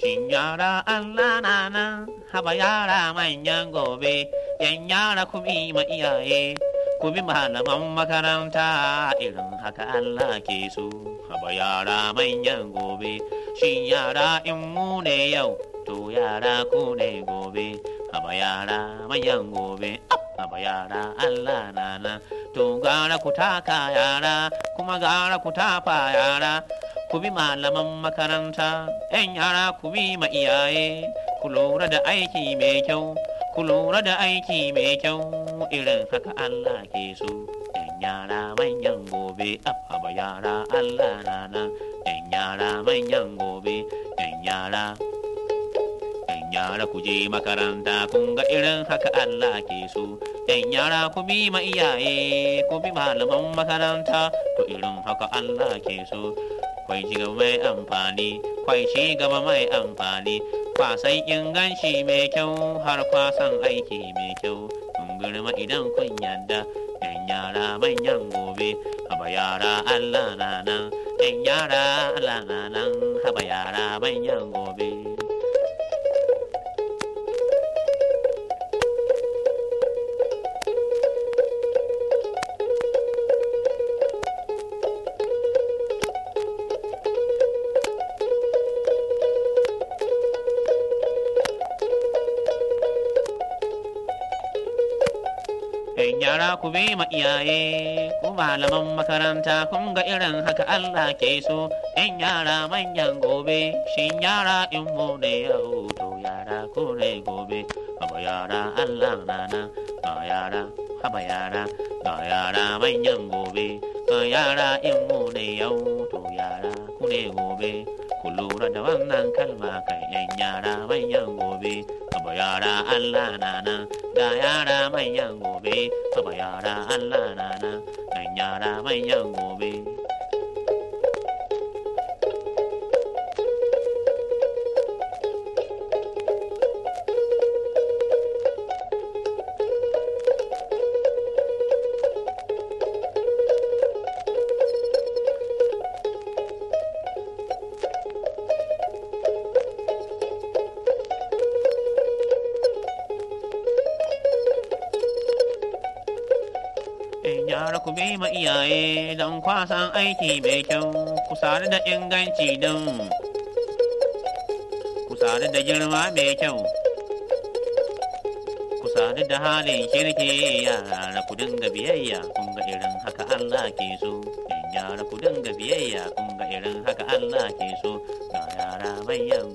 Shin yara Allah nana habayara yara manyan gobe, yan yara ma iyaye, ku bi malaman makaranta irin haka Allah ke so. Haba yara be, gobe, shin yara in mu ne yau, to yara ku ne gobe, habayara yara manyan gobe. nana, to gara ku taka yara, kuma gara ku yara. ku bi malaman makaranta, ‘yan yara ku bi ma iyaye, ku lura da aiki mai kyau, ku lura da aiki mai kyau, irin haka Allah ke so. ‘Yan yara manyan gobe, abba yara Allah nan, ‘yan yara manyan gobe, ‘yan yara. ‘Yan yara ku je makaranta, kun ga irin haka Allah ke so. ‘Yan yara ku bi ma iyaye, ku bi malaman makaranta, to irin haka Allah ke so. kwai ci gaba mai amfani kwai ci gaba mai amfani kwasan inganci mai kyau har kwasan aiki mai kyau kun girma idan kun yadda ɗan yara manyan gobe haba yara allah na nan ɗan yara allah na nan haba yara manyan gobe Kai gyara ku bi ma iyaye, ku malaman makaranta kun ga irin haka Allah ke so, in yara manyan gobe, shin yara in mu ne yau to yara ku ne gobe, haba yara Allah nana, ga yara, haba yara, ga yara manyan gobe, ga yara in mu ne yau to yara ku ne gobe. ku lura da wannan kalma kan yan yara manyan gobe kaba yara Allah nana da yara manyan gobe kaba yara Allah nana yan yara manyan gobe har ku bi ma iyaye don kwasan aiki mai kyau ku sadu da inganci don ku sadu da girma mai kyau ku sadu da halin kirki yara ku dinga biyayya kun ga irin haka Allah ke so yara ku dinga biyayya kun ga irin haka Allah ke so ga yara bayan